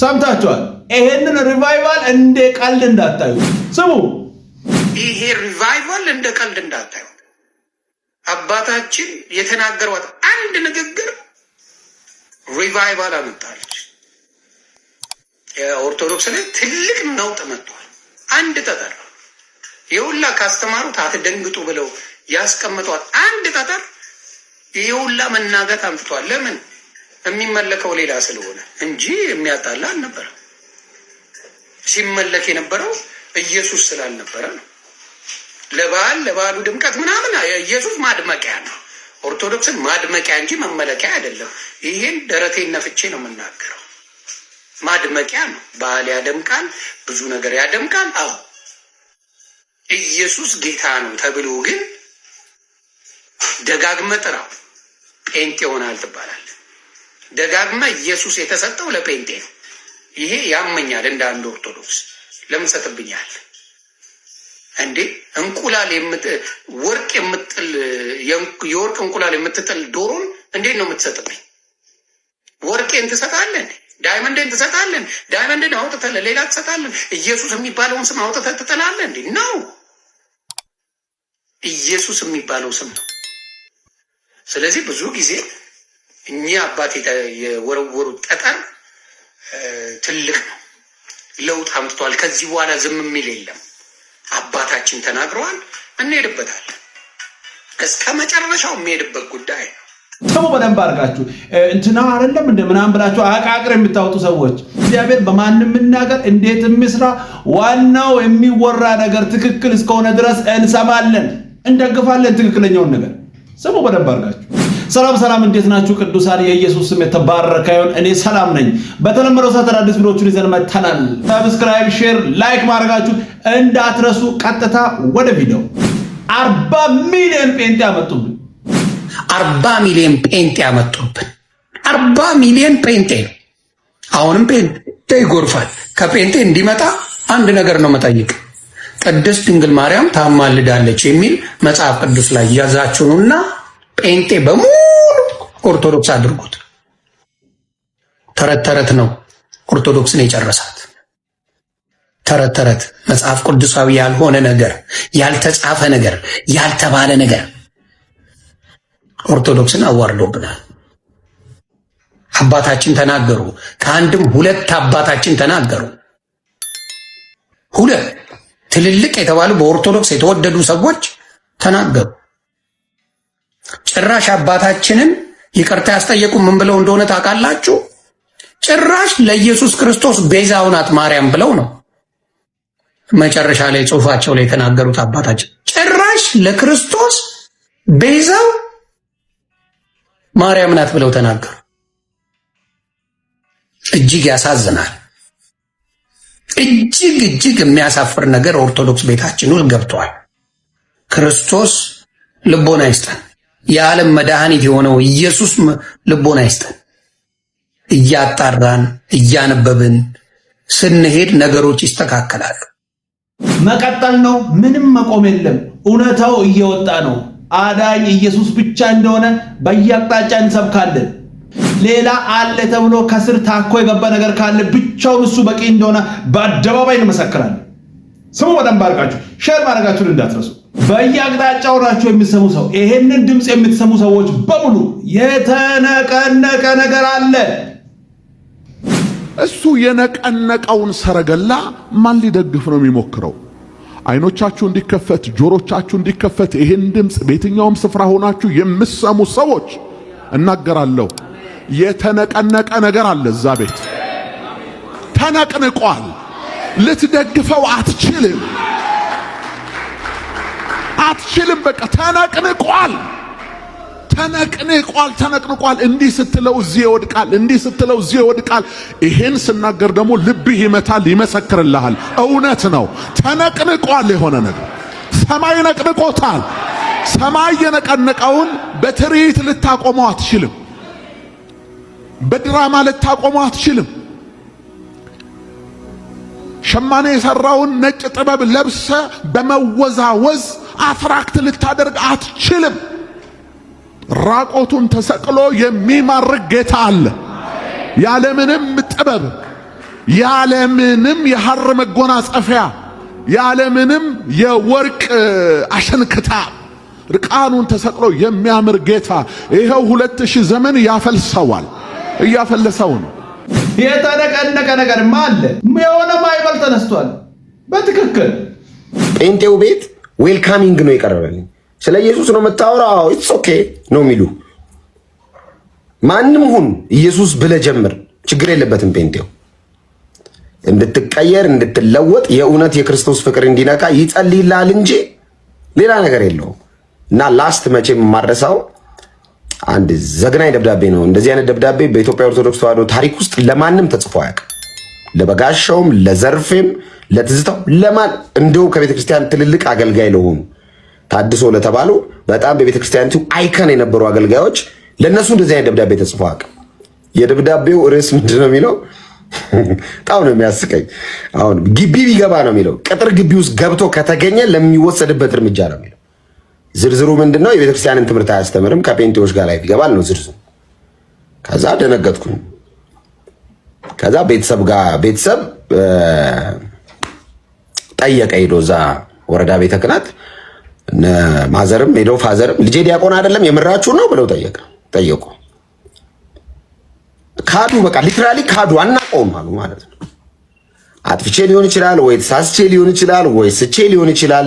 ሰምታችኋል። ይሄንን ሪቫይቫል እንደ ቀልድ እንዳታዩ። ስሙ፣ ይሄ ሪቫይቫል እንደ ቀልድ እንዳታዩ። አባታችን የተናገሯት አንድ ንግግር ሪቫይቫል አመጣለች። የኦርቶዶክስ ላይ ትልቅ ነውጥ መጥቷል። አንድ ጠጠር የሁላ ካስተማሩት አትደንግጡ ብለው ያስቀምጧት አንድ ጠጠር የሁላ መናገት አምጥቷል። ለምን የሚመለከው ሌላ ስለሆነ እንጂ የሚያጣላ አልነበረ። ሲመለክ የነበረው ኢየሱስ ስላልነበረ ነው። ለበዓል ለበዓሉ ድምቀት ምናምን የኢየሱስ ማድመቂያ ነው። ኦርቶዶክስን ማድመቂያ እንጂ መመለኪያ አይደለም። ይህን ደረቴን ነፍቼ ነው የምናገረው። ማድመቂያ ነው። በዓል ያደምቃል፣ ብዙ ነገር ያደምቃል። አዎ ኢየሱስ ጌታ ነው ተብሎ ግን ደጋግመ ጥራው፣ ጴንጤ ሆናል ትባላለን። ደጋግማ ኢየሱስ የተሰጠው ለጴንጤ ነው። ይሄ ያመኛል። እንደ አንድ ኦርቶዶክስ ለምን ሰጥብኛል እንዴ? እንቁላል ወርቅ የምትጥል የወርቅ እንቁላል የምትጥል ዶሮን እንዴት ነው የምትሰጥብኝ? ወርቄን ትሰጣለን፣ ዳይመንድን ትሰጣለን። ዳይመንድን አውጥተህ ለሌላ ትሰጣለን። ኢየሱስ የሚባለውን ስም አውጥተህ ትጥላለህ እንዴ? ነው ኢየሱስ የሚባለው ስም ነው። ስለዚህ ብዙ ጊዜ እኚህ አባት የወረወሩት ጠጠር ትልቅ ነው። ለውጥ አምጥቷል። ከዚህ በኋላ ዝም የሚል የለም። አባታችን ተናግረዋል፣ እንሄድበታለን። እስከ መጨረሻው የሚሄድበት ጉዳይ ነው። ሰሙ በደንብ አድርጋችሁ እንትና አይደለም እንደ ምናምን ብላችሁ አቃቅር የምታወጡ ሰዎች እግዚአብሔር በማንም ምናገር እንዴት የሚስራ ዋናው የሚወራ ነገር ትክክል እስከሆነ ድረስ እንሰማለን፣ እንደግፋለን ትክክለኛውን ነገር። ስሙ በደንብ አድርጋችሁ ሰላም ሰላም፣ እንዴት ናችሁ ቅዱሳን? የኢየሱስ ስም የተባረከ ይሁን። እኔ ሰላም ነኝ። በተለመደው ሰዓት አዳዲስ ቪዲዮዎችን ይዘን መጥተናል። ሰብስክራይብ፣ ሼር፣ ላይክ ማድረጋችሁ እንዳትረሱ። ቀጥታ ወደ ቪዲዮ። አርባ ሚሊዮን ጴንጤ አመጡብን። አርባ ሚሊዮን ጴንጤ አመጡብን። አርባ ሚሊዮን ጴንጤ ነው። አሁንም ጴንጤ ይጎርፋል። ከጴንጤ እንዲመጣ አንድ ነገር ነው መጠይቅ ቅድስት ድንግል ማርያም ታማልዳለች የሚል መጽሐፍ ቅዱስ ላይ ያዛችሁና ጴንጤ በሙሉ ኦርቶዶክስ አድርጉት። ተረት ተረት ነው ኦርቶዶክስን የጨረሳት። ተረት ተረት መጽሐፍ ቅዱሳዊ ያልሆነ ነገር፣ ያልተጻፈ ነገር፣ ያልተባለ ነገር ኦርቶዶክስን አዋርዶብናል። አባታችን ተናገሩ። ከአንድም ሁለት አባታችን ተናገሩ። ሁለት ትልልቅ የተባሉ በኦርቶዶክስ የተወደዱ ሰዎች ተናገሩ። ጭራሽ አባታችንን ይቅርታ ያስጠየቁ ምን ብለው እንደሆነ ታውቃላችሁ? ጭራሽ ለኢየሱስ ክርስቶስ ቤዛው ናት ማርያም ብለው ነው መጨረሻ ላይ ጽሑፋቸው ላይ የተናገሩት አባታችን። ጭራሽ ለክርስቶስ ቤዛው ማርያም ናት ብለው ተናገሩ። እጅግ ያሳዝናል። እጅግ እጅግ የሚያሳፍር ነገር ኦርቶዶክስ ቤታችን ውስጥ ገብቷል። ክርስቶስ ልቦና ይስጠን። የዓለም መድኃኒት የሆነው ኢየሱስ ልቦን አይስጠን። እያጣራን እያነበብን ስንሄድ ነገሮች ይስተካከላሉ። መቀጠል ነው። ምንም መቆም የለም። እውነታው እየወጣ ነው። አዳኝ ኢየሱስ ብቻ እንደሆነ በየአቅጣጫ እንሰብካለን። ሌላ አለ ተብሎ ከስር ታኮ የገባ ነገር ካለ ብቻውን እሱ በቂ እንደሆነ በአደባባይ እንመሰክራለን። ስሙ በደንብ አድርጋችሁ ሼር ማድረጋችሁን እንዳትረሱ። በየአቅጣጫው ናቸው የሚሰሙ ሰው ይሄንን ድምፅ የምትሰሙ ሰዎች በሙሉ የተነቀነቀ ነገር አለ። እሱ የነቀነቀውን ሰረገላ ማን ሊደግፍ ነው የሚሞክረው? አይኖቻችሁ እንዲከፈት ጆሮቻችሁ እንዲከፈት ይሄን ድምፅ በየትኛውም ስፍራ ሆናችሁ የምትሰሙ ሰዎች እናገራለሁ፣ የተነቀነቀ ነገር አለ። እዛ ቤት ተነቅንቋል። ልትደግፈው አትችልም። አትችልም። በቃ ተነቅንቋል፣ ተነቅንቋል፣ ተነቅንቋል። እንዲህ ስትለው እዚህ ይወድቃል፣ እንዲህ ስትለው እዚህ ይወድቃል። ይሄን ስናገር ደግሞ ልብህ ይመታል፣ ይመሰክርልሃል። እውነት ነው። ተነቅንቋል። የሆነ ነገር ሰማይ ነቅንቆታል። ሰማይ የነቀነቀውን በትርኢት ልታቆመው አትችልም። በድራማ ልታቆመው አትችልም። ሸማኔ የሰራውን ነጭ ጥበብ ለብሰ በመወዛወዝ አትራክት ልታደርግ አትችልም። ራቆቱን ተሰቅሎ የሚማርክ ጌታ አለ። ያለምንም ጥበብ፣ ያለምንም የሐር መጎናጸፊያ፣ ያለምንም የወርቅ አሸንክታ ርቃኑን ተሰቅሎ የሚያምር ጌታ ይኸው ሁለት ሺህ ዘመን ያፈልሰዋል፣ እያፈለሰው ነው። የተነቀነቀ ነገርማ አለ። የሆነ ማይበል ተነስቷል። በትክክል ጴንጤው ቤት ዌልካሚንግ ነው የቀረበልኝ። ስለ ኢየሱስ ነው የምታወራው፣ ኢትስ ኦኬ ነው የሚሉ ማንም ሁን ኢየሱስ ብለ ጀምር፣ ችግር የለበትም። ጴንጤው እንድትቀየር እንድትለወጥ የእውነት የክርስቶስ ፍቅር እንዲነካ ይጸልይላል እንጂ ሌላ ነገር የለውም። እና ላስት መቼም የማረሳው አንድ ዘግናኝ ደብዳቤ ነው። እንደዚህ አይነት ደብዳቤ በኢትዮጵያ ኦርቶዶክስ ተዋህዶ ታሪክ ውስጥ ለማንም ተጽፎ አያውቅም። ለበጋሻውም፣ ለዘርፌም፣ ለትዝታው ለማን እንደው ከቤተ ክርስቲያን ትልልቅ አገልጋይ ለሆኑ ታድሶ ለተባሉ በጣም በቤተ ክርስቲያኒቱ አይከን የነበሩ አገልጋዮች ለእነሱ እንደዚህ አይነት ደብዳቤ ተጽፎ አቅም የደብዳቤው ርዕስ ምንድን ነው የሚለው? በጣም ነው የሚያስቀኝ። አሁን ግቢ ቢገባ ነው የሚለው። ቅጥር ግቢ ውስጥ ገብቶ ከተገኘ ለሚወሰድበት እርምጃ ነው የሚለው። ዝርዝሩ ምንድን ነው? የቤተክርስቲያንን ትምህርት አያስተምርም፣ ከጴንጤዎች ጋር ላይ ይገባል ነው ዝርዝሩ። ከዛ ደነገጥኩኝ። ከዛ ቤተሰብ ጋር ቤተሰብ ጠየቀ ሄዶ እዛ ወረዳ ቤተ ክህነት ማዘርም ሄዶ ፋዘርም ልጄ ዲያቆን አይደለም የምራችሁን ነው ብለው ጠየቀ ጠየቁ። ካዱ። በቃ ሊትራሊ ካዱ። አናውቀውም አሉ ማለት ነው። አጥፍቼ ሊሆን ይችላል ወይ ተሳስቼ ሊሆን ይችላል ወይ ስቼ ሊሆን ይችላል።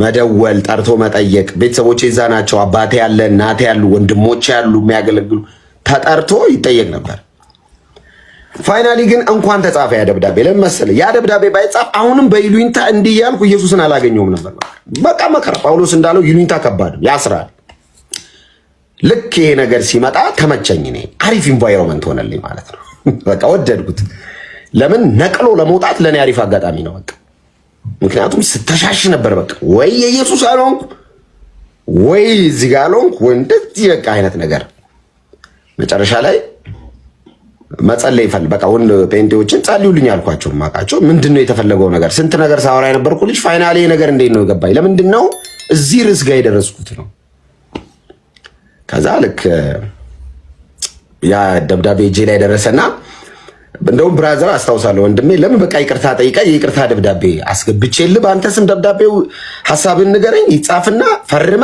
መደወል፣ ጠርቶ መጠየቅ። ቤተሰቦቼ እዛ ናቸው። አባቴ ያለ እናቴ ያሉ ወንድሞቼ ያሉ የሚያገለግሉ ተጠርቶ ይጠየቅ ነበር። ፋይናሊ ግን እንኳን ተጻፈ ያ ደብዳቤ። ለምን መሰለህ? ያ ደብዳቤ ባይጻፍ አሁንም በይሉኝታ እንዲህ እያልኩ ኢየሱስን አላገኘውም ነበር። በቃ መከራ። ጳውሎስ እንዳለው ይሉኝታ ከባድ ያስራል። ልክ ይሄ ነገር ሲመጣ ተመቸኝ። እኔ አሪፍ ኢንቫይሮመንት ሆነልኝ ማለት ነው። በቃ ወደድኩት። ለምን ነቅሎ ለመውጣት ለእኔ አሪፍ አጋጣሚ ነው። በቃ ምክንያቱም ስተሻሽ ነበር። በቃ ወይ የኢየሱስ አልሆንኩ ወይ እዚህ ጋር አልሆንኩ ወይ እንደዚህ በቃ አይነት ነገር መጨረሻ ላይ መጸለይ ይፈልግ በቃ ወን ጴንጤዎችን ጸልዩልኝ አልኳቸው። ማቃቸው ምንድነው የተፈለገው ነገር? ስንት ነገር ሳወራ የነበርኩ ልጅ ፋይናሌ ነገር እንዴት ነው የገባኝ? ለምንድን ነው እዚህ ርዕስ ጋር የደረስኩት ነው። ከዛ ልክ ያ ደብዳቤ እጄ ላይ ደረሰና እንደውም ብራዘር አስታውሳለሁ ወንድሜ፣ ለምን በቃ ይቅርታ ጠይቃ የይቅርታ ደብዳቤ አስገብቼልህ በአንተ ስም ደብዳቤው ሀሳብን ንገረኝ ይጻፍና ፈርመ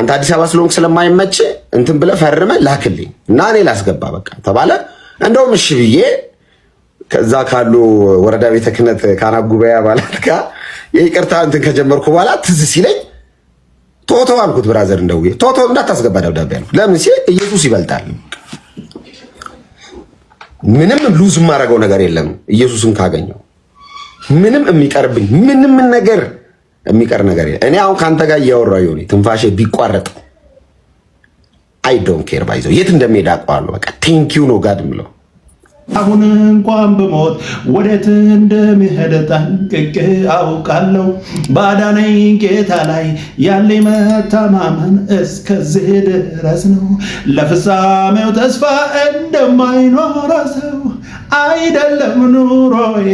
አንተ አዲስ አበባ ስለሆንክ ስለማይመች እንትን ብለህ ፈርመህ ላክልኝ እና እኔ ላስገባ በቃ ተባለ። እንደውም እሺ ብዬ ከዛ ካሉ ወረዳ ቤተ ክህነት ካህናት ጉባኤ አባላት ጋር የይቅርታ እንትን ከጀመርኩ በኋላ ትዝ ሲለኝ ቶቶ አልኩት፣ ብራዘር እንደውዬ ቶቶ እንዳታስገባ ደብዳቤ አልኩት። ለምን ሲል ኢየሱስ ይበልጣል። ምንም ሉዝ የማደርገው ነገር የለም ኢየሱስን ካገኘው ምንም የሚቀርብኝ ምንም ነገር የሚቀር ነገር የለም። እኔ አሁን ከአንተ ጋር እያወራ ይሁን ትንፋሽ ቢቋረጥ አይ ዶንት ኬር ባይዘው የት እንደሚሄድ አውቀዋለሁ። በቃ ዩ ኖ ጋድ ምለው አሁን እንኳን ብሞት ወዴት እንደሚሄድ ጠንቅቄ አውቃለሁ። ባዳነኝ ጌታ ላይ ያለ መተማመን እስከዚህ ድረስ ነው። ለፍጻሜው ተስፋ እንደማይኖረው ሰው አይደለም ኑሮዬ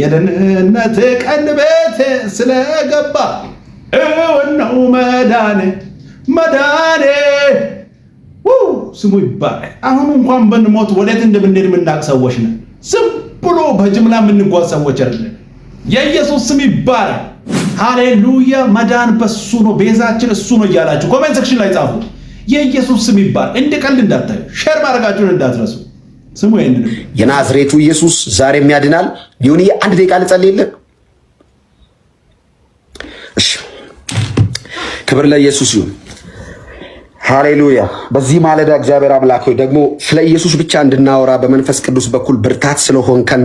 የደህንነት ቀን ቤት ስለገባ እውን ነው መዳኔ መዳኔ ስሙ ይባላል። አሁን እንኳን ብንሞት ወዴት እንደምንሄድ የምናውቅ ሰዎች ነን። ዝም ብሎ በጅምላ የምንጓዝ ሰዎች አለ። የኢየሱስ ስም ይባላል። ሃሌሉያ! መዳን በሱ ነው፣ ቤዛችን እሱ ነው እያላችሁ ኮሜንት ሴክሽን ላይ ጻፉ። የኢየሱስ ስም ይባላል። እንደ ቀልድ እንዳታዩ፣ ሼር ማድረጋችሁን እንዳትረሱ። ስሙ የናዝሬቱ ኢየሱስ ዛሬም ያድናል። ሊሆን አንድ ደቂቃ ልጸልይ እሺ ክብር ለኢየሱስ ይሁን። ሃሌሉያ። በዚህ ማለዳ እግዚአብሔር አምላክ ሆይ ደግሞ ስለ ኢየሱስ ብቻ እንድናወራ በመንፈስ ቅዱስ በኩል ብርታት ስለሆንከን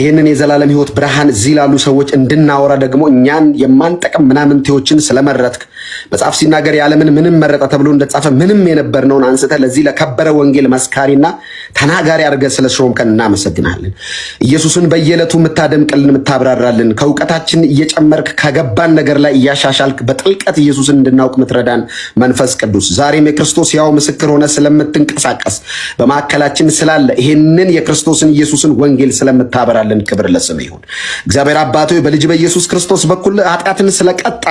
ይህንን የዘላለም ሕይወት ብርሃን እዚህ ላሉ ሰዎች እንድናወራ ደግሞ እኛን የማንጠቅም ምናምንቴዎችን ስለመረትክ መጽሐፍ ሲናገር ያለምን ምንም መረጠ ተብሎ እንደተጻፈ ምንም የነበርነውን አንስተ ለዚህ ለከበረ ወንጌል መስካሪና ተናጋሪ አድርገ ስለ ሾምከን እናመሰግናለን። ኢየሱስን በየዕለቱ የምታደምቅልን የምታብራራልን፣ ከእውቀታችን እየጨመርክ ከገባን ነገር ላይ እያሻሻልክ በጥልቀት ኢየሱስን እንድናውቅ ምትረዳን መንፈስ ቅዱስ ዛሬም የክርስቶስ ያው ምስክር ሆነ ስለምትንቀሳቀስ በማዕከላችን ስላለ ይህንን የክርስቶስን ኢየሱስን ወንጌል ስለምታበራልን ክብር ለስም ይሁን። እግዚአብሔር አባቶ በልጅ በኢየሱስ ክርስቶስ በኩል ኃጢአትን ስለቀጣ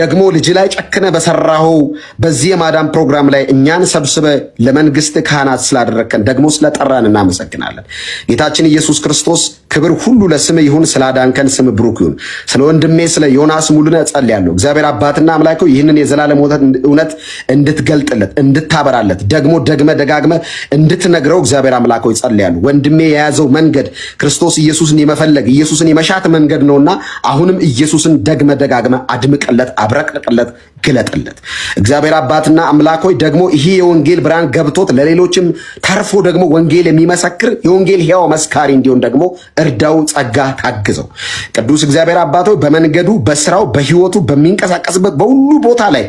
ደግሞ ልጅ ላይ ላይ ጨክነ በሰራኸው በዚህ የማዳን ፕሮግራም ላይ እኛን ሰብስበ ለመንግስት ካህናት ስላደረግከን ደግሞ ስለጠራን እናመሰግናለን። ጌታችን ኢየሱስ ክርስቶስ ክብር ሁሉ ለስም ይሁን። ስላዳንከን ስም ብሩክ ይሁን። ስለ ወንድሜ ስለ ዮናስ ሙሉነ ጸልያለሁ። እግዚአብሔር አባትና አምላክ ይህንን የዘላለም እውነት እንድትገልጥለት እንድታበራለት ደግሞ ደግመ ደጋግመ እንድትነግረው እግዚአብሔር አምላኮ ሆይ ወንድሜ የያዘው መንገድ ክርስቶስ ኢየሱስን የመፈለግ ኢየሱስን የመሻት መንገድ ነውና አሁንም ኢየሱስን ደግመ ደጋግመ አድምቅለት፣ አብረቅቅለት ግለጥለት። እግዚአብሔር አባትና አምላክ ሆይ ደግሞ ይህ የወንጌል ብርሃን ገብቶት ለሌሎችም ተርፎ ደግሞ ወንጌል የሚመሰክር የወንጌል ሕያው መስካሪ እንዲሆን ደግሞ እርዳው፣ ጸጋ ታግዘው። ቅዱስ እግዚአብሔር አባት ሆይ በመንገዱ፣ በስራው፣ በህይወቱ፣ በሚንቀሳቀስበት በሁሉ ቦታ ላይ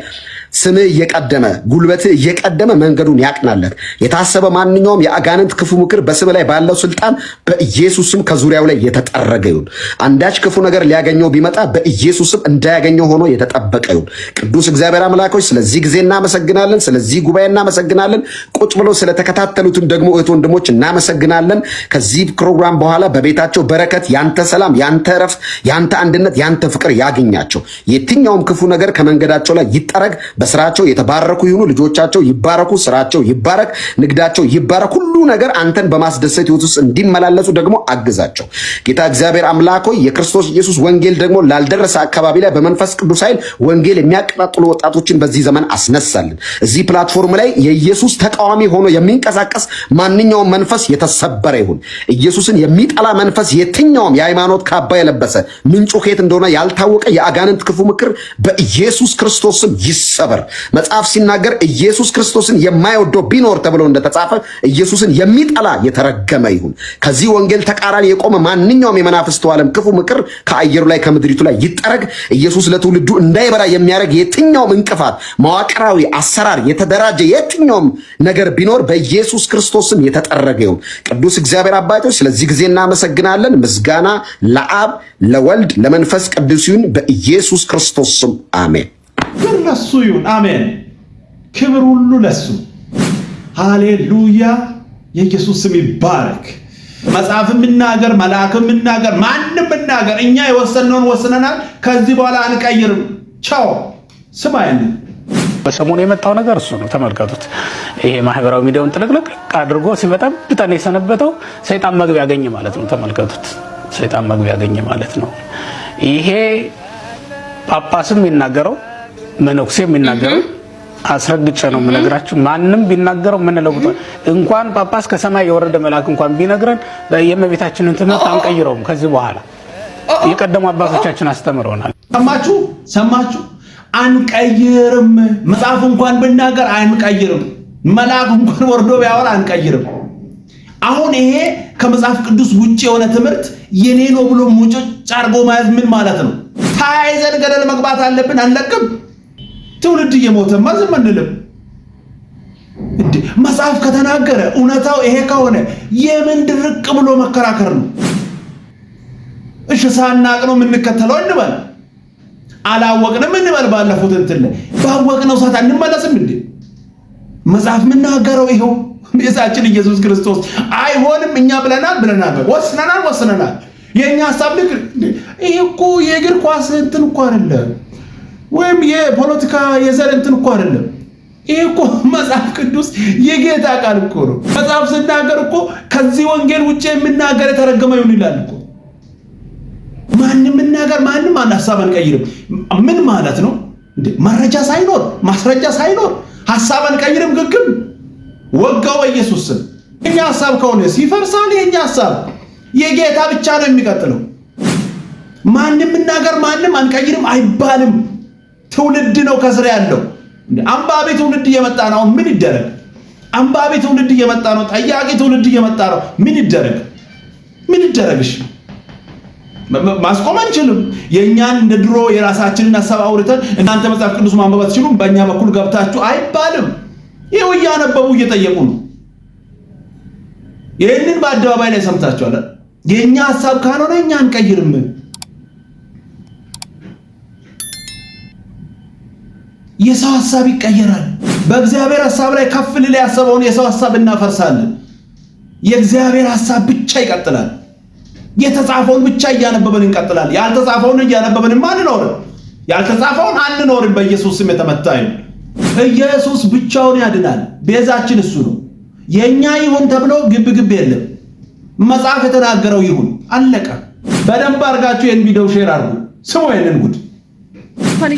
ስምህ እየቀደመ ጉልበትህ እየቀደመ መንገዱን ያቅናለት። የታሰበ ማንኛውም የአጋንንት ክፉ ምክር በስም ላይ ባለው ስልጣን በኢየሱስም ከዙሪያው ላይ የተጠረገ ይሁን። አንዳች ክፉ ነገር ሊያገኘው ቢመጣ በኢየሱስም እንዳያገኘው ሆኖ የተጠበቀ ይሁን። ቅዱስ እግዚአብሔር አምላኮች ስለዚህ ጊዜ እናመሰግናለን። ስለዚህ ጉባኤ እናመሰግናለን። ቁጭ ብለው ስለተከታተሉትም ደግሞ እህት ወንድሞች እናመሰግናለን። ከዚህ ፕሮግራም በኋላ በቤታቸው በረከት፣ ያንተ ሰላም፣ ያንተ እረፍት፣ ያንተ አንድነት፣ ያንተ ፍቅር ያገኛቸው። የትኛውም ክፉ ነገር ከመንገዳቸው ላይ ይጠረግ። በስራቸው የተባረኩ ይሁኑ። ልጆቻቸው ይባረኩ፣ ስራቸው ይባረክ፣ ንግዳቸው ይባረክ። ሁሉ ነገር አንተን በማስደሰት ህይወት ውስጥ እንዲመላለሱ ደግሞ አግዛቸው። ጌታ እግዚአብሔር አምላክ ሆይ የክርስቶስ ኢየሱስ ወንጌል ደግሞ ላልደረሰ አካባቢ ላይ በመንፈስ ቅዱስ ኃይል ወንጌል የሚያቀጣጥሉ ወጣቶችን በዚህ ዘመን አስነሳልን። እዚህ ፕላትፎርም ላይ የኢየሱስ ተቃዋሚ ሆኖ የሚንቀሳቀስ ማንኛውም መንፈስ የተሰበረ ይሁን። ኢየሱስን የሚጠላ መንፈስ የትኛውም የሃይማኖት ካባ የለበሰ ምንጩ ከየት እንደሆነ ያልታወቀ የአጋንንት ክፉ ምክር በኢየሱስ ክርስቶስ ስም ይሰበር። ነበር። መጽሐፍ ሲናገር ኢየሱስ ክርስቶስን የማይወደው ቢኖር ተብሎ እንደተጻፈ ኢየሱስን የሚጠላ የተረገመ ይሁን። ከዚህ ወንጌል ተቃራኒ የቆመ ማንኛውም የመናፍስት ዓለም ክፉ ምክር ከአየሩ ላይ ከምድሪቱ ላይ ይጠረግ። ኢየሱስ ለትውልዱ እንዳይበራ የሚያደርግ የትኛውም እንቅፋት፣ መዋቅራዊ አሰራር፣ የተደራጀ የትኛውም ነገር ቢኖር በኢየሱስ ክርስቶስም የተጠረገ ይሁን። ቅዱስ እግዚአብሔር አባቶች ስለዚህ ጊዜ እናመሰግናለን። ምስጋና ለአብ ለወልድ ለመንፈስ ቅዱስ ይሁን በኢየሱስ ክርስቶስ ስም አሜን። ግን ለሱ ይሁን። አሜን። ክብር ሁሉ ለሱ። ሃሌሉያ። የኢየሱስ ስም ይባረክ። መጽሐፍ ምናገር፣ መልአክ ምናገር፣ ማንም ምናገር፣ እኛ የወሰነውን ወስነናል። ከዚህ በኋላ አንቀይርም። ቻው ስማ በሰሞኑ የመጣው ነገር እሱ ነው። ተመልከቱት። ይሄ ማህበራዊ ሚዲያውን ጥልቅልቅ አድርጎ ሲመጣ ብጠን የሰነበተው ሰይጣን መግቢያ ያገኘ ማለት ነው። ተመልከቱት። ሰይጣን መግቢያ ያገኘ ማለት ነው። ይሄ ጳጳስም ይናገረው መነኩሴ የሚናገረው አስረግጬ ነው የምነግራችሁ። ማንም ቢናገረው የምንለውጠው እንኳን ጳጳስ ከሰማይ የወረደ መልአክ እንኳን ቢነግረን የእመቤታችንን ትምህርት አንቀይረውም። ከዚህ በኋላ የቀደሙ አባቶቻችን አስተምረውናል። ሰማችሁ፣ ሰማችሁ። አንቀይርም። መጽሐፍ እንኳን ብናገር አንቀይርም። መልአክ እንኳን ወርዶ ቢያወር አንቀይርም። አሁን ይሄ ከመጽሐፍ ቅዱስ ውጭ የሆነ ትምህርት የኔ ነው ብሎ ሙጭጭ አድርጎ መያዝ ምን ማለት ነው? ተያይዘን ገደል መግባት አለብን? አንለቅም። ትውልድ እየሞተማ ዝም አንልም። መጽሐፍ ከተናገረ እውነታው ይሄ ከሆነ የምን ድርቅ ብሎ መከራከር ነው? እሺ ሳናቅ ነው የምንከተለው እንበል፣ አላወቅንም እንበል። ባለፉት እንትን ላይ ባወቅነው ሰዓት አንመለስም እንዴ? መጽሐፍ የምናገረው ይኸው ቤዛችን ኢየሱስ ክርስቶስ አይሆንም። እኛ ብለናል ብለናል፣ ወስነናል ወስነናል። የእኛ ሀሳብ ልክ ይህ እኮ የእግር ኳስ እንትን እኮ አይደለም ወይም የፖለቲካ የዘር እንትን እኮ አይደለም። ይህ እኮ መጽሐፍ ቅዱስ የጌታ ቃል እኮ ነው። መጽሐፍ ስናገር እኮ ከዚህ ወንጌል ውጭ የምናገር የተረገመ ይሁን ይላል እኮ። ማንም እናገር ማንም አንድ ሀሳብ አንቀይርም። ምን ማለት ነው? መረጃ ሳይኖር ማስረጃ ሳይኖር ሀሳብ አንቀይርም። ግግም ወጋው በኢየሱስ ስም። የኛ ሀሳብ ከሆነ ሲፈርሳል። የኛ ሀሳብ የጌታ ብቻ ነው የሚቀጥለው። ማንም እናገር ማንም አንቀይርም አይባልም። ትውልድ ነው ከስር ያለው። አንባቢ ትውልድ እየመጣ ነው። ምን ይደረግ? አንባቢ ትውልድ እየመጣ ነው። ጠያቂ ትውልድ እየመጣ ነው። ምን ይደረግ? ምን ይደረግሽ? ማስቆም አንችልም። የእኛን እንደ ድሮ የራሳችንን ሀሳብ አውርተን እናንተ መጽሐፍ ቅዱስ ማንበብ አትችሉም፣ በእኛ በኩል ገብታችሁ አይባልም። ይኸው እያነበቡ እየጠየቁ ነው። ይህንን በአደባባይ ላይ ሰምታችኋል። የእኛ ሀሳብ ካልሆነ እኛ አንቀይርም። የሰው ሐሳብ ይቀየራል። በእግዚአብሔር ሐሳብ ላይ ከፍ ልል ያሰበውን የሰው ሐሳብ እናፈርሳለን። የእግዚአብሔር ሐሳብ ብቻ ይቀጥላል። የተጻፈውን ብቻ እያነበበን እንቀጥላል። ያልተጻፈውን እያነበብንማ አንኖርም። ያልተጻፈውን አንኖርም። በኢየሱስ ስም የተመታ ይሁን። ኢየሱስ ብቻውን ያድናል። ቤዛችን እሱ ነው። የኛ ይሁን ተብሎ ግብ ግብ የለም። መጽሐፍ የተናገረው ይሁን አለቀ። በደንብ አድርጋችሁ ይህን ቪዲዮ ሼር አድርጉ። ስሙ ይህንን ጉድ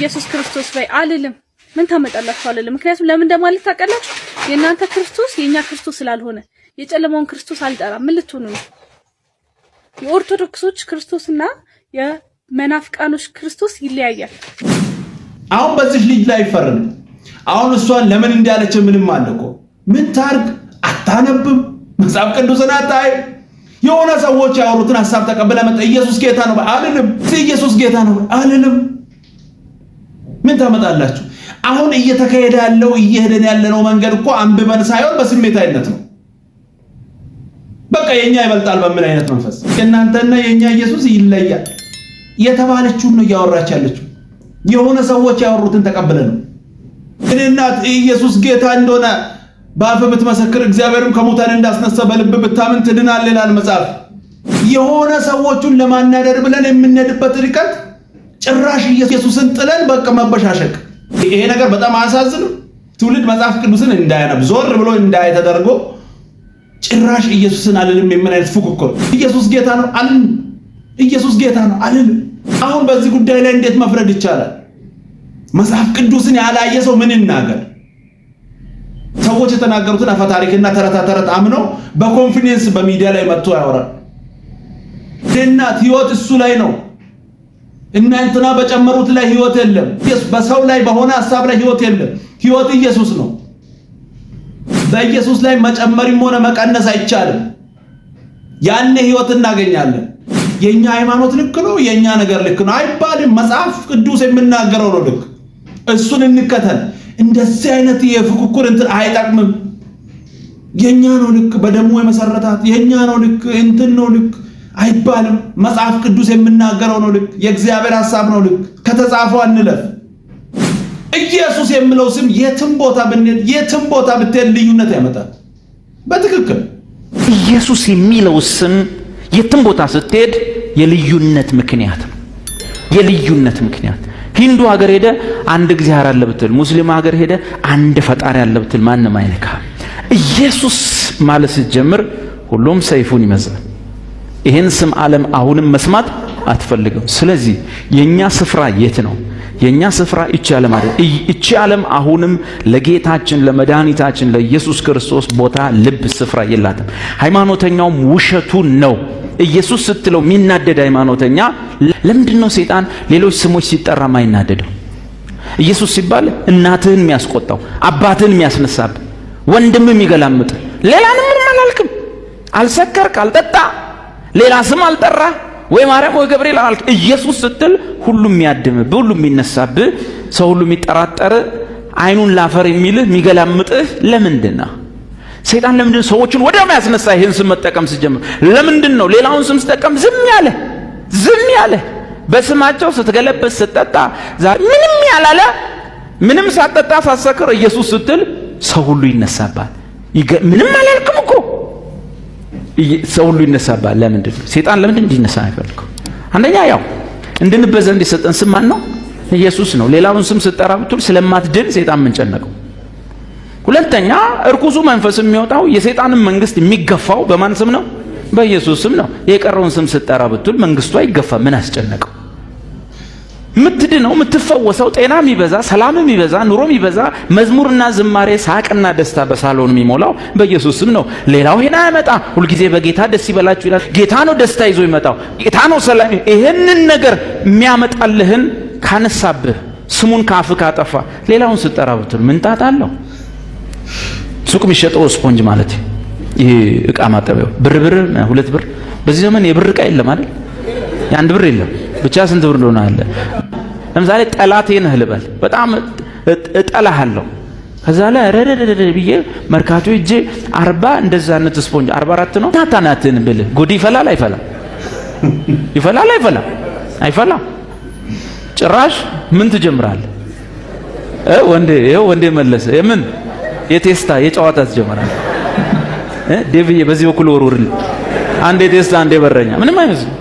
ኢየሱስ ክርስቶስ ላይ አልልም ምን ታመጣላችሁ አለለ። ምክንያቱም ለምን እንደማለት ታውቃላችሁ? የእናንተ ክርስቶስ የእኛ ክርስቶስ ስላልሆነ የጨለማውን ክርስቶስ አልጠራም። ምን ልትሆኑ ነው? የኦርቶዶክሶች ክርስቶስና የመናፍቃኖች ክርስቶስ ይለያያል። አሁን በዚህ ልጅ ላይ ይፈርድ። አሁን እሷን ለምን እንዲያለች ምንም አለ እኮ ምን ታርግ? አታነብም፣ መጽሐፍ ቅዱስን አታይ። የሆነ ሰዎች ያወሩትን ሀሳብ ተቀብለ መጣ። ኢየሱስ ጌታ ነው አልልም፣ ኢየሱስ ጌታ ነው አልልም። ምን ታመጣላችሁ? አሁን እየተካሄደ ያለው እየሄደን ያለነው መንገድ እኮ አንብበን ሳይሆን በስሜታዊነት ነው። በቃ የኛ ይበልጣል በምን አይነት መንፈስ የእናንተና የኛ ኢየሱስ ይለያል የተባለችውን ነው እያወራች ያለችው። የሆነ ሰዎች ያወሩትን ተቀብለ ነው ግን እናት ኢየሱስ ጌታ እንደሆነ በአፍ ብትመሰክር እግዚአብሔርም ከሙታን እንዳስነሳ በልብ ብታምን ትድናል ይላል መጽሐፍ። የሆነ ሰዎቹን ለማናደር ብለን የምንሄድበት ርቀት ጭራሽ ኢየሱስን ጥለን በቃ መበሻሸቅ ይሄ ነገር በጣም አሳዝን ትውልድ መጽሐፍ ቅዱስን እንዳያነብ ዞር ብሎ እንዳይ ተደርጎ ጭራሽ ኢየሱስን አልልም። የምን አይነት ፉክክር! ኢየሱስ ጌታ ነው አልልም፣ ኢየሱስ ጌታ ነው አልልም። አሁን በዚህ ጉዳይ ላይ እንዴት መፍረድ ይቻላል? መጽሐፍ ቅዱስን ያላየ ሰው ምን ይናገር? ሰዎች የተናገሩትን አፈ ታሪክና ተረታ ተረት አምነው በኮንፊደንስ በሚዲያ ላይ መጥቶ ያወራል። እናት ህይወት እሱ ላይ ነው። እና በጨመሩት ላይ ህይወት የለም። በሰው ላይ በሆነ ሀሳብ ላይ ህይወት የለም። ህይወት ኢየሱስ ነው። በኢየሱስ ላይ መጨመርም ሆነ መቀነስ አይቻልም። ያኔ ህይወት እናገኛለን። የኛ ሃይማኖት ልክ ነው፣ የኛ ነገር ልክ ነው አይባልም። መጽሐፍ ቅዱስ የምናገረው ነው ልክ፣ እሱን እንከተል። እንደዚህ አይነት የፉክክር እንትን አይጠቅምም። የኛ ነው ልክ፣ በደሙ የመሰረታት የኛ ነው ልክ፣ እንትን ነው ልክ አይባልም። መጽሐፍ ቅዱስ የምናገረው ነው ልክ፣ የእግዚአብሔር ሐሳብ ነው ልክ። ከተጻፈው አንለፍ። ኢየሱስ የሚለው ስም የትም ቦታ ብንሄድ፣ የትም ቦታ ብትሄድ ልዩነት ያመጣል። በትክክል ኢየሱስ የሚለው ስም የትም ቦታ ስትሄድ የልዩነት ምክንያት የልዩነት ምክንያት ሂንዱ ሀገር ሄደ አንድ እግዚአብሔር አለ ብትል፣ ሙስሊም ሀገር ሄደ አንድ ፈጣሪ አለ ብትል ማንም አይነካ። ኢየሱስ ማለት ስትጀምር ሁሉም ሰይፉን ይመዛል። ይህን ስም ዓለም አሁንም መስማት አትፈልግም። ስለዚህ የኛ ስፍራ የት ነው? የኛ ስፍራ እቺ ዓለም አለ። እቺ ዓለም አሁንም ለጌታችን ለመድኃኒታችን ለኢየሱስ ክርስቶስ ቦታ፣ ልብ፣ ስፍራ የላትም። ሃይማኖተኛውም ውሸቱ ነው። ኢየሱስ ስትለው የሚናደድ ሃይማኖተኛ ለምንድን ነው ሰይጣን ሌሎች ስሞች ሲጠራ ማይናደደው? ኢየሱስ ሲባል እናትህን የሚያስቆጣው አባትህን የሚያስነሳብ ወንድም የሚገላምጥ ሌላንም ምንም አላልክም። አልሰከርክ፣ አልጠጣ ሌላ ስም አልጠራ ወይ ማርያም ወይ ገብርኤል አላልክ። ኢየሱስ ስትል ሁሉም የሚያድምብ፣ ሁሉም የሚነሳብ፣ ሰው ሁሉ የሚጠራጠር፣ አይኑን ላፈር የሚልህ የሚገላምጥህ ለምንድን ነው? ሰይጣን ለምንድን ነው ሰዎችን ወዲያው ያስነሳ? ይህን ስም መጠቀም ስጀምር ለምንድን ነው ሌላውን ስም ስጠቀም ዝም ያለ ዝም ያለ በስማቸው ስትገለበስ ስትገለበት ዛሬ ምንም ያላለ ምንም ሳትጠጣ ሳትሰክር ኢየሱስ ስትል ሰው ሁሉ ይነሳባል። ምንም አላልክም እኮ ሰው ሁሉ ይነሳባል። ለምንድን ነው ሴጣን ለምንድን እንዲነሳ አይፈልገው? አንደኛ ያው እንድንበዘንድ የሰጠን ስም ማን ነው? ኢየሱስ ነው። ሌላውን ስም ስጠራ ብትል ስለማትድን ሴጣን ጨነቀው? ሁለተኛ እርኩሱ መንፈስ የሚወጣው የሴጣንን መንግስት የሚገፋው በማን ስም ነው? በኢየሱስ ስም ነው። የቀረውን ስም ስጠራ ብትል መንግስቱ አይገፋ። ምን አስጨነቀው? ምትድነው የምትፈወሰው ጤና የሚበዛ ሰላም የሚበዛ ኑሮ የሚበዛ መዝሙርና ዝማሬ ሳቅና ደስታ በሳሎን የሚሞላው በኢየሱስ ስም ነው። ሌላው ሄና ያመጣ ሁልጊዜ በጌታ ደስ ይበላችሁ ይላል። ጌታ ነው ደስታ ይዞ ይመጣው። ጌታ ነው ሰላም። ይህንን ነገር የሚያመጣልህን ካነሳብህ፣ ስሙን ከአፍ ካጠፋ፣ ሌላውን ስጠራ ብትል ምንጣት አለው ሱቅ የሚሸጠው ስፖንጅ ማለት ይህ እቃ ማጠቢያው ብር ብር ሁለት ብር። በዚህ ዘመን የብር እቃ የለም አይደል? የአንድ ብር የለም ብቻ ስንት ብር ሆናል? ለምሳሌ ጠላቴ ነህ ልበል፣ በጣም እጠላሃለሁ። ከዛ ላይ ረረረረ ብዬ መርካቶ እጅ አርባ እንደዛ ነት ስፖንጅ አርባ አራት ነው ታታናትን ብል ጉድ ይፈላል አይፈላም? ይፈላል አይፈላም? አይፈላም። ጭራሽ ምን ትጀምራለህ? ወንዴ ይኸው ወንዴ መለሰ። የምን የቴስታ የጨዋታ ትጀምራለህ። ዴቪዬ በዚህ በኩል ወርውርልኝ፣ አንዴ ቴስታ አንዴ በረኛ ምንም አይመስልም።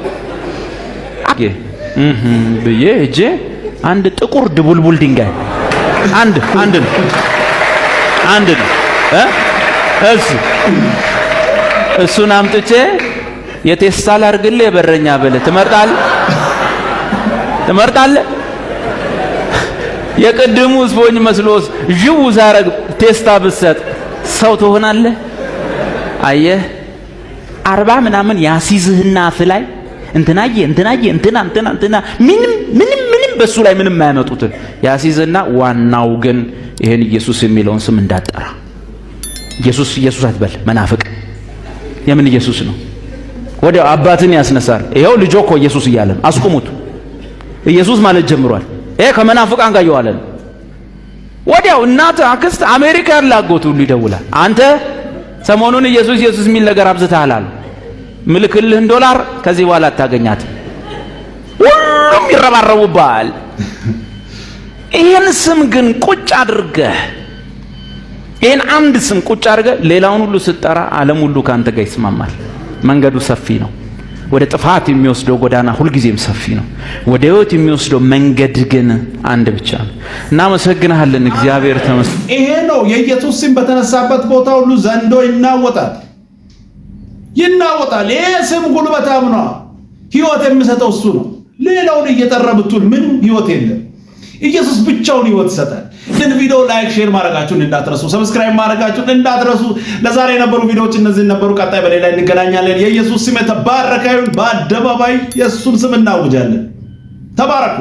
ብዬ እጄ አንድ ጥቁር ድቡልቡል ድንጋይ አንድ አንድ ነው አንድ ነው እሱ እሱን አምጥቼ የቴስታል የበረኛ ብልህ ትመርጣለህ የቅድሙ መስሎስ ዥው ሳረግ ቴስታ ብሰጥ ሰው ትሆናለህ። አየህ አርባ ምናምን ያሲዝህና አፍ ላይ እንትናዬ እንትናዬ እንትና እንትና እንትና ምንም ምንም ምንም በሱ ላይ ምንም አያመጡትን ያሲዝና ዋናው ግን ይሄን ኢየሱስ የሚለውን ስም እንዳጠራ ኢየሱስ ኢየሱስ አትበል መናፍቅ የምን ኢየሱስ ነው ወዲያው አባትን ያስነሳል ይኸው ልጆ እኮ ኢየሱስ እያለ ነው አስቁሙት ኢየሱስ ማለት ጀምሯል ይሄ ከመናፍቃን ጋር እየዋለ ነው ወዲያው እናት አክስት አሜሪካ ያላጎቱ ሁሉ ይደውላል አንተ ሰሞኑን ኢየሱስ ኢየሱስ የሚል ነገር አብዝተሃል አለ ምልክልህን ዶላር ከዚህ በኋላ አታገኛት። ሁሉም ይረባረቡባል። ይህን ስም ግን ቁጭ አድርገህ ይህን አንድ ስም ቁጭ አድርገህ ሌላውን ሁሉ ስትጠራ ዓለም ሁሉ ከአንተ ጋር ይስማማል። መንገዱ ሰፊ ነው። ወደ ጥፋት የሚወስደው ጎዳና ሁልጊዜም ሰፊ ነው። ወደ ህይወት የሚወስደው መንገድ ግን አንድ ብቻ ነው። እናመሰግናለን እግዚአብሔር ተመስ ይሄ ነው የኢየሱስ ስም በተነሳበት ቦታ ሁሉ ዘንዶ ይናወጣል። ይናወጣል። ይሄ ስም ጉልበታም ነው። ህይወት የምሰጠው እሱ ነው። ሌላውን እየጠራ ብትውል ምን ህይወት የለም። ኢየሱስ ብቻውን ህይወት ይሰጣል። ግን ቪዲዮ ላይክ፣ ሼር ማድረጋችሁን እንዳትረሱ፣ ሰብስክራይብ ማድረጋችሁን እንዳትረሱ። ለዛሬ የነበሩ ቪዲዮዎች እነዚህ ነበሩ። ቀጣይ በሌላ እንገናኛለን። የኢየሱስ ስም የተባረከ ይሁን። በአደባባይ የእሱን ስም እናውጃለን። ተባረኩ።